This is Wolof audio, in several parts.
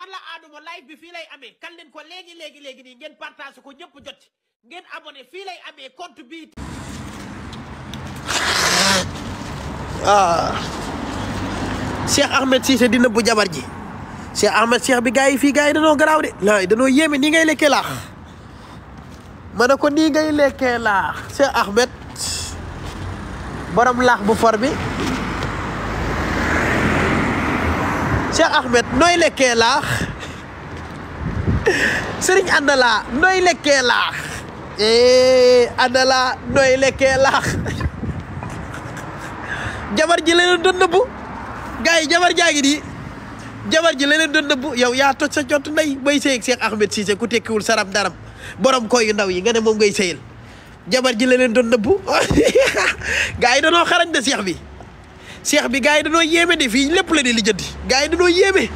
alla aaduma live bi fii lay amee kan leen ko léegi léegi léegi nii ngeen partage ko ñëpp jot ngeen abonné fii lay amee compte bi ah Cheikh Ahmed Cissé di nëbbu jabar ji Cheikh Ahmed Cheikh bi gars yi fii gars yi danoo garaaw de laay danoo yéeme ni ngay lekkee laax ma ne ko nii ngay lekkee laax Cheikh Ahmed borom laax bu for bi Cheikh Ahmed nooy lekkee laax sëriñ àndalaa nooy lekkee laax àndalaa eh, nooy lekkee jabar ji leneen doon nëbbu gaa yi jabar jaa ngi nii jabar ji leneen doon nëbbu yow yaa toj sa jot ndey bay sëyeeg Cheikh Ahmed Cissé ku tekkiwul saram daram borom koy yu ndaw yi nga ne moom ngay sëyal jabar ji leneen doon nëbbu gars yi danoo xarañ de Cheikh bi seex bi gars yi dañoo yéeme de fii lépp la di li jëndi gars yi dañoo yéeme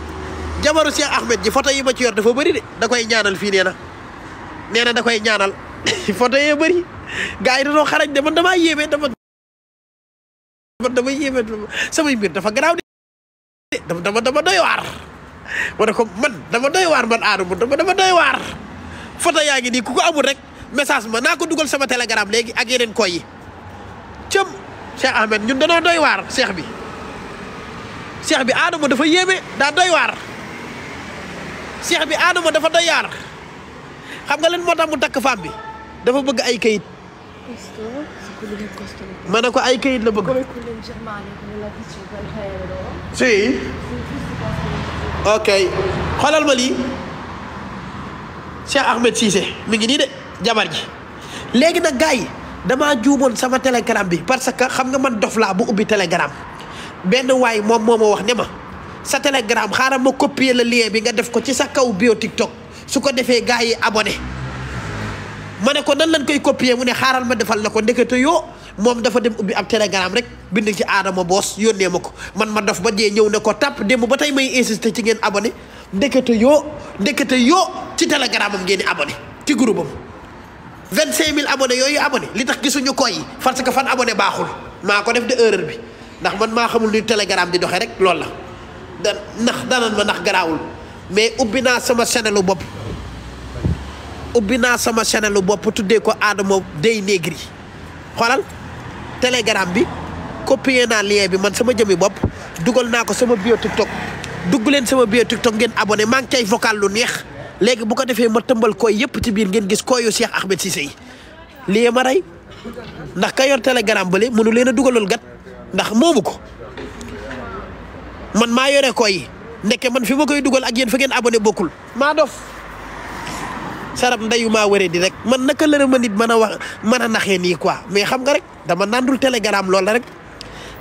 jabaru seex Ahmed ji photo yi ma ci yor dafa bëri de da koy ñaanal fii nee na nee na da koy ñaanal photo yee bëri gars yi dañoo xarañ de man yéeme dama man dama yéeme samay mbir dafa garaaw de dama dama doy waar ma ne ko man dama doy waar man aadu man dama dama doy waar photo yaa ngi nii ku ko amul rek message ma naa ko dugal sama telegram léegi ak yeneen koy Cheikh Ahmed ñun danoo doy waar seex bi cheikh bi Adama dafa yéeme daa doy waar cheikh bi Adama dafa doy waar xam nga leen moo tax mu takk femme bi dafa bëgg ay kayit. ma ne ko ay kayit la bëgg. si. ok xoolal ma lii Cheikh Ahmed Cissé mi ngi nii de jabar ji léegi nag gars yi damaa juumoon sama telegram bi parce que xam nga man dof laa bu ubbi telegram benn waay moom moo ma wax ne ma sa telegram xaaral ma copier la lien bi nga def ko ci sa kaw bio TikTok su ko defee gars yi abone ma ne ko nan lañ koy copier mu ne xaaral ma defal la ko ndekete yoo moom dafa dem ubbi ab telegram rek bind ci aadama boos yónnee ma ko man ma dof ba dee ñëw ne ko tàpp démb ba tey may insister ci ngeen abone ndekete yoo ndekete yoo ci telegramam ngeen di abonné ci groupe am 25 mille abonnés yooyu abonné li tax gisuñu koy yi parce que fan abonné baaxul maa ko def de erreur bi ndax man maa xamul ni Telegram di doxee rek loolu la da ndax danan ma ndax garaawul mais ubbi naa sama chaîne bopp ubbi naa sama chaîne bopp tuddee ko Adama Dey Negri xoolal Telegram bi copier naa lien bi man sama jëmmi bopp dugal naa ko sama bio TikTok dugg leen sama bio TikTok ngeen abone maa ngi cay vocal lu neex. léegi bu ko defee ma tëmbal kooy yëpp ci biir ngeen gis kooyu Cheikh Ahmed Cissé yi lii ma rey ndax ka yor telegram bële mënu leen dugalool gat ndax moomu ko man maa yore kooy yi ndekke man fi ma koy dugal ak yéen fa ngeen abonné bokkul maa dof sarab ndeyu maa wéree di rek man naka la ma nit mën a wax mën a naxee nii quoi mais xam nga rek dama nandul telegram lool la rek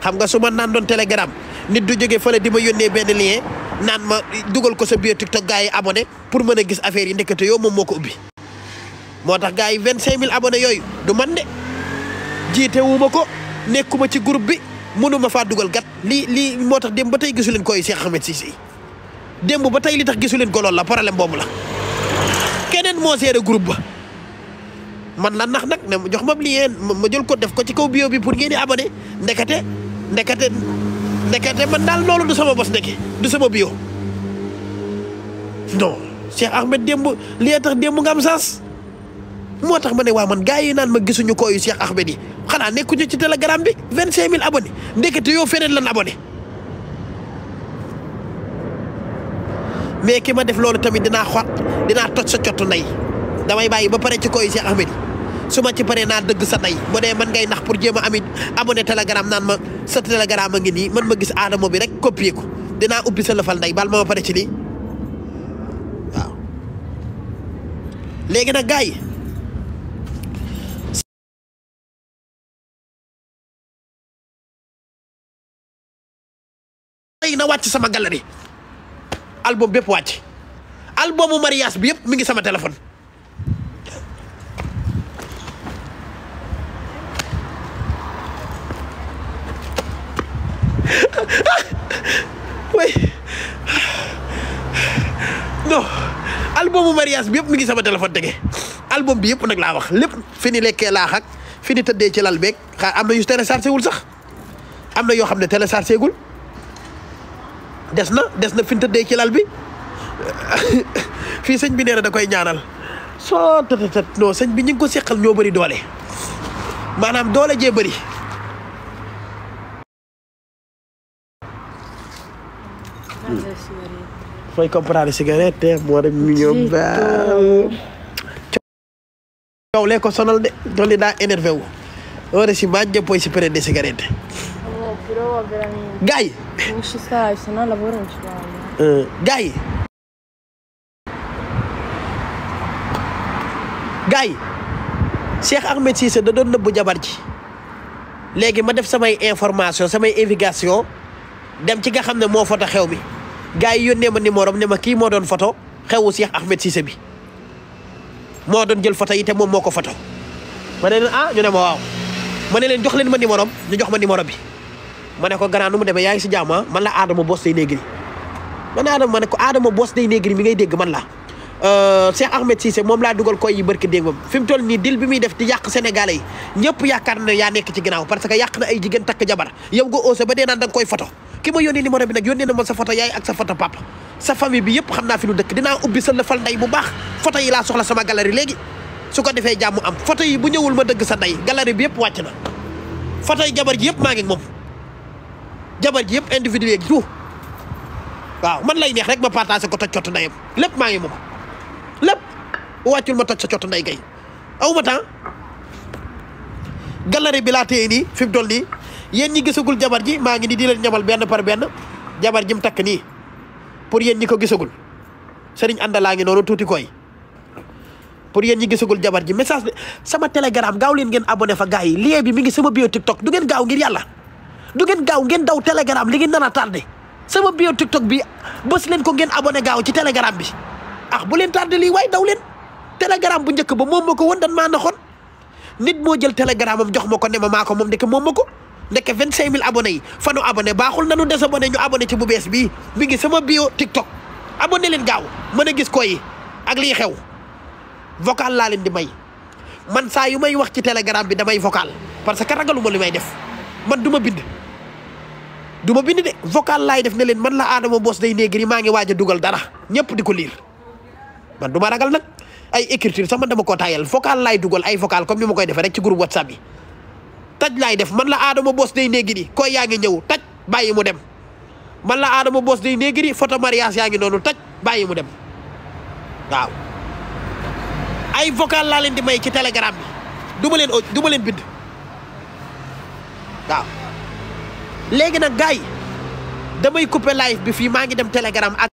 xam nga su ma nandoon telegram nit du jóge fële di ma yónnee benn lien naan ma dugal ko sa biir TikTok gars yi abonné pour mën a gis affaire yi ndekete yow moom moo ko ubbi moo tax gars yi vingt cinq mille abone yooyu du man ne jiitewuma ko nekkuma ci groupe bi mënuma faa dugal gat lii lii moo tax démb ba tey gisu leen koy Cheikh Ahmed Cissé démb ba tey li tax gisu leen ko loolu la problème boobu la keneen moo seere groupe ba man la nax nag ne jox ma lien ma jël ko def ko ci kaw bio bi pour ngeen di abonné ndekete ndekete ndekete man daal loolu du sama bos ndeke du sama bio non Cheikh Ahmed démb li tax démb nga am sens moo tax ma ne waa man gars yi naan ma gisuñu kooyu Cheikh Ahmed yi xanaa nekkuñu ci telegram bi vingt cinq mille abonnés ndekete yoo feneen lan abonné mais ki ma def loolu tamit dinaa xot dinaa toj sa cottu nay damay bàyyi ba pare ci kooyu Cheikh Ahmed yi su ma ci paree naa dëgg sa nay bu dee man ngay nax pour jéem a amit abonné telegram naan ma sa telegram a ngi nii man ma gis aadamo bi rek copier ko dinaa ubbi sa lëfal nday bal ma ma pare ci lii waaw léegi nag gars yi léegi na wàcc sama galerie album bépp wàcc albumu mariage bi yëpp mu ngi sama téléphone oui non albumu mariage bi yëpp mu ngi sama téléphone tege album bi yëpp nag laa wax lépp fi ni lekkee laax ak fi ni tëddee ci lal beeg xaa am na yu téléchargé wul sax am na yoo xam ne téléchargé gul des na des na fi ni tëddee ci lal bi fii sëñ bi nee na da koy ñaanal soo tëtëtët non sëñ bi ñi ngi ko seqal ñoo bari doole maanaam doole jee bëri. Foi comprar cigarette, mora mignon sonal de dolli daa énervé wu. Ora si mangia poi si prende sigarette. Oh, però veramente. Gai. Non ci stai, da doon nëbbu jabar ji léegi ma def samay information samay investigation dem ci nga xam ne moo foto xew mi gars yi yónnee ma numéro am ne ma kii moo doon foto xewu seex Ahmed Cissé bi moo doon jël foto yi te moom moo ko foto ma ne leen ah ñu ne ma waaw ma ne leen jox leen ma numéro am ñu jox ma numéro bi ma ne ko grand nu mu demee yaa ngi si jàmm ah? man la Adama bos ne Negri man ma ne ko Adama Boss day Negri mi ngay dégg man la euh, Cheikh Ahmed Cissé moom laa dugal koy yi barki déggam fi mu toll nii dil bi muy def di yàq sénégalais yi ñëpp yaakaar na yaa nekk ci ganaaw parce que yàq na ay jigéen takk jabar yow nga osé ba dee da koy foto ki ma yónnee numéro bi nag yónnee na ma sa photo yaay ak sa photo papa sa famille bi yëpp xam naa fi lu dëkk dinaa ubbi sa lëfal ndey bu baax photo yi laa soxla sama galerie léegi su ko defee jàmm am photo yi bu ñëwul ma dëgg sa ndey galerie bi yëpp wàcc na photo yi jabar ji yëpp maa ngi moom jabar ji yëpp individu yeeg tout waaw man lay neex rek ma partagé ko toj cottu lépp maa ngi moom lépp ma toj sa cottu ndey gay aw ma temps galerie bi laa téye nii fi mu nii yéen ñi gisagul jabar ji maa ngi ni di leen ñamal benn par benn jabar ji mu takk nii pour yéen ñi ko gisagul sëriñ àndalaa ngi noonu tuuti koy pour yen ñi gisagul jabar ji message sama telegram gaaw leen ngeen abonné fa gars yi lien bi mi ngi sama bio tiktok du ngeen gaaw ngir yàlla du ngeen gaaw ngeen daw telegram li ngeen nar a tardé sama bio tiktok bi bës leen ko ngeen abonné gaaw ci telegram bi ah bu leen tardé lii waay daw leen telegram bu njëkk ba moom ma ko woon dan maa naxoon nit moo jël telegram am jox ma ko ne ma maa ko moom ndeke moom ko ndeke 25000 abonnés yi fanu abonné baaxul nanu désabonné ñu abonné ci bu bees bi mi ngi sama bio TikTok abonné leen gaaw mën a gis koy yi ak lii xew vocal laa leen di may man saa yu may wax ci telegram bi damay vocal parce que ragaluma li may def man du ma bind du ma bind de vocal laay def ne leen man la Adama Boss Day Negri maa ngi waaj a dugal dara ñëpp di ko liir man du ragal nag ay écriture sax man dama koo taayal laay dugal ay vocal comme ni koy defee rek ci groupe taj laay def man la aadama boos day néegi ni koy yaa ngi ñëw taj bàyyi mu dem man la aadama boos day néegi ni photo mariage yaa ngi noonu taj bàyyi mu dem waaw ay vocal laa leen di may ci telegram bi du ma leen du ma leen bind waaw léegi nag gaay damay couper live bi fii maa ngi dem telegram ak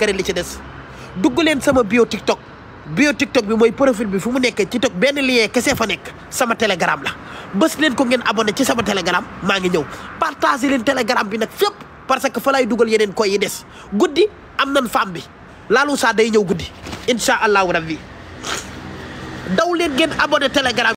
gari li ci des dugg leen sama biotik TikTok bio TikTok bi mooy profit bi fu mu nekk TikTok benn lien kese fa nekk sama telegram la bës leen ko ngeen abonné ci sama telegram maa ngi ñëw partagé leen telegram bi nag fépp parce que fa lay dugal yeneen koy des guddi am nan femme bi laalu saa day ñëw guddi incha allahu rabbi daw leen ngeen abonné telegram.